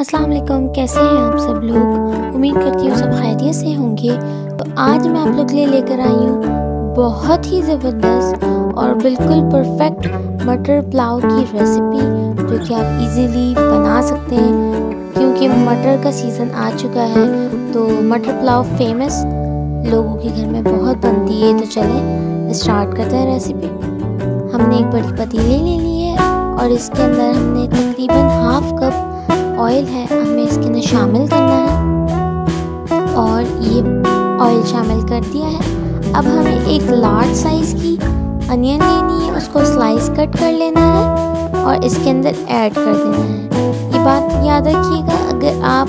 अस्सलाम वालेकुम कैसे हैं आप सब लोग उम्मीद करती हूँ सब खैरियत से होंगे तो आज मैं आप लोग के लिए लेकर आई हूँ बहुत ही ज़बरदस्त और बिल्कुल परफेक्ट मटर पुलाव की रेसिपी जो कि आप इजीली बना सकते हैं क्योंकि मटर का सीज़न आ चुका है तो मटर पुलाव फेमस लोगों के घर में बहुत बनती है तो चलें स्टार्ट करते हैं रेसिपी हमने एक बड़ी पतीली ले ली है और इसके अंदर हमने तकरीबन हाफ कप ऑयल है हमें इसके अंदर शामिल करना है और ये ऑयल शामिल कर दिया है अब हमें एक लार्ज साइज़ की अनियन लेनी है उसको स्लाइस कट कर लेना है और इसके अंदर ऐड कर देना है ये बात याद रखिएगा अगर आप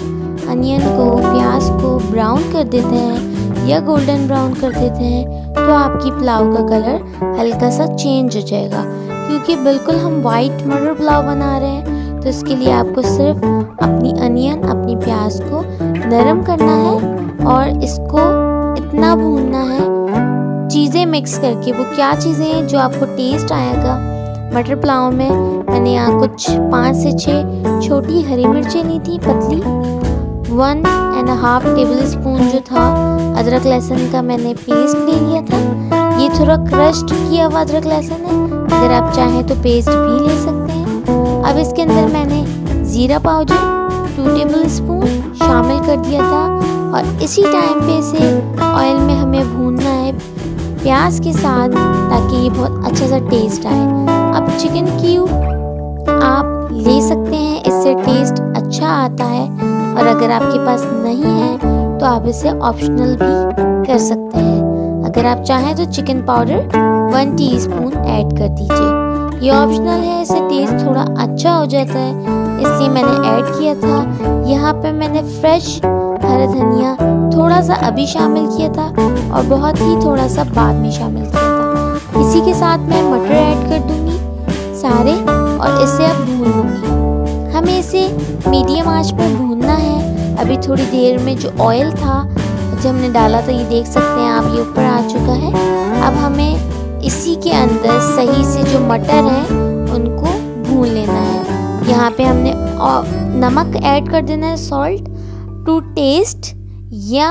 अनियन को प्याज को ब्राउन कर देते हैं या गोल्डन ब्राउन कर देते हैं तो आपकी पुलाव का कलर हल्का सा चेंज हो जाएगा क्योंकि बिल्कुल हम वाइट मटर पुलाव बना रहे हैं तो इसके लिए आपको सिर्फ अपनी अनियन अपनी प्याज को नरम करना है और इसको इतना भूनना है चीज़ें मिक्स करके वो क्या चीज़ें हैं जो आपको टेस्ट आएगा मटर पुलाव में मैंने यहाँ कुछ पाँच से छः छोटी हरी मिर्चें ली थी पतली one and half tablespoon जो था अदरक लहसुन का मैंने पेस्ट ले लिया था ये थोड़ा क्रश्ड किया हुआ अदरक लहसुन है अगर आप चाहें तो पेस्ट भी ले सकते हैं अब इसके अंदर मैंने ज़ीरा पाउडर टू टेबल स्पून शामिल कर दिया था और इसी टाइम पे इसे ऑयल में हमें भूनना है प्याज के साथ ताकि ये बहुत अच्छा सा टेस्ट आए अब चिकन क्यूब आप ले सकते हैं इससे टेस्ट अच्छा आता है और अगर आपके पास नहीं है तो आप इसे ऑप्शनल भी कर सकते हैं अगर आप चाहें तो chicken powder one teaspoon add कर दीजिए ये ऑप्शनल है इससे टेस्ट थोड़ा अच्छा हो जाता है इसलिए मैंने ऐड किया था यहाँ पे मैंने फ्रेश हरा धनिया थोड़ा सा अभी शामिल किया था और बहुत ही थोड़ा सा बाद में शामिल किया था इसी के साथ मैं मटर ऐड कर दूँगी सारे और इसे अब भून लूँगी हमें इसे मीडियम आँच पर भूनना है अभी थोड़ी देर में जो ऑयल था जो हमने डाला था ये देख सकते हैं आप ये ऊपर आ चुका है अब हमें इसी के अंदर सही से जो मटर हैं उनको भून लेना है यहाँ पे हमने नमक ऐड कर देना है सॉल्ट टू टेस्ट या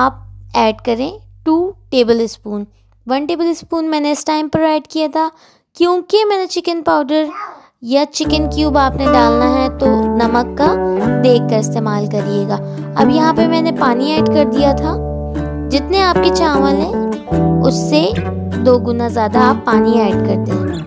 आप ऐड करें two tablespoon one tablespoon मैंने इस टाइम पर ऐड किया था क्योंकि मैंने चिकन पाउडर या चिकन क्यूब आपने डालना है तो नमक का देख कर इस्तेमाल करिएगा अब यहाँ पे मैंने पानी ऐड कर दिया था जितने आपके चावल हैं उससे दो गुना ज़्यादा आप पानी ऐड कर दें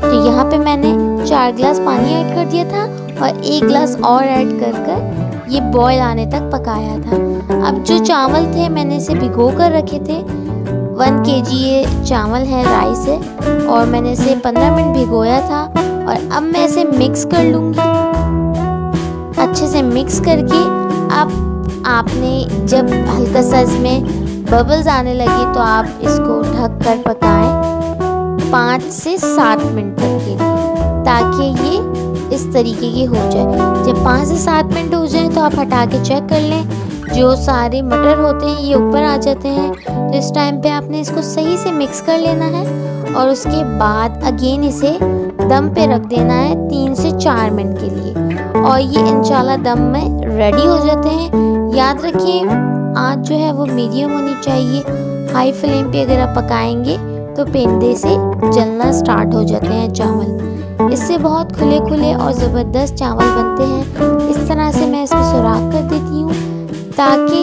तो यहाँ पे मैंने चार ग्लास पानी ऐड कर दिया था और एक ग्लास और ऐड कर कर ये बॉयल आने तक पकाया था अब जो चावल थे मैंने इसे भिगो कर रखे थे वन के जी ये चावल है राइस है और मैंने इसे पंद्रह मिनट भिगोया था और अब मैं इसे मिक्स कर लूँगी अच्छे से मिक्स करके अब आप, आपने जब हल्का सा इसमें बबल्स आने लगे तो आप इसको ढक कर पकाएं पाँच से सात मिनट तक के लिए ताकि ये इस तरीके की हो जाए जब पाँच से सात मिनट हो जाए तो आप हटा के चेक कर लें जो सारे मटर होते हैं ये ऊपर आ जाते हैं तो इस टाइम पे आपने इसको सही से मिक्स कर लेना है और उसके बाद अगेन इसे दम पे रख देना है तीन से चार मिनट के लिए और ये इंशाल्लाह दम में रेडी हो जाते हैं याद रखिए आँच जो है वो मीडियम होनी चाहिए हाई फ्लेम पे अगर आप पकाएंगे तो पेंदे से जलना स्टार्ट हो जाते हैं चावल इससे बहुत खुले खुले और ज़बरदस्त चावल बनते हैं इस तरह से मैं इसको सुराख कर देती हूँ ताकि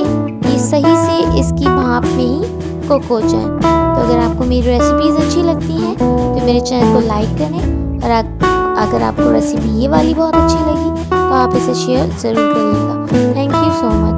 ये सही से इसकी भाप में ही कुक हो जाए तो अगर आपको मेरी रेसिपीज़ अच्छी लगती हैं तो मेरे चैनल को लाइक करें और अगर आपको रेसिपी ये वाली बहुत अच्छी लगी तो आप इसे शेयर ज़रूर करिएगा थैंक यू सो मच